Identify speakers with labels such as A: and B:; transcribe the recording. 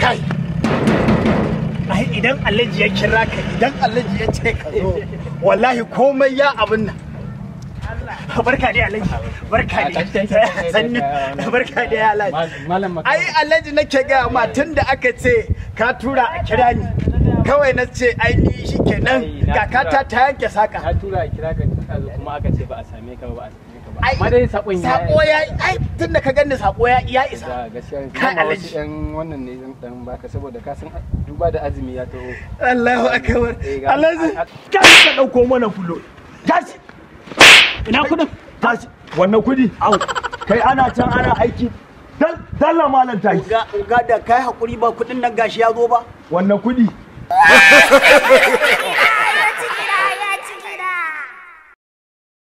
A: kai idan alhaji ya kira ka idan alhaji ya ce ka zo wallahi komai ya abin nan barka dai alhaji barka ai nake ga ma tunda aka ce ka tura a kira ni kawai na ce ai ni shikenan ta yanke saka ka tura a kira kuma aka ce ba a same ka ba sakon ya sako ya ai tun ka ganni sako ya ya isa
B: ka alaji yan wannan ne dan baka saboda ka san duba da azumi ya taho Allahu akbar eh,
C: alaji ka dauko mana fulo ina kudin tashi wannan kudi kai ana can ana aiki dalla malam tashi ga da kai hakuri ba kudin nan gashi ya zo ba wannan kudi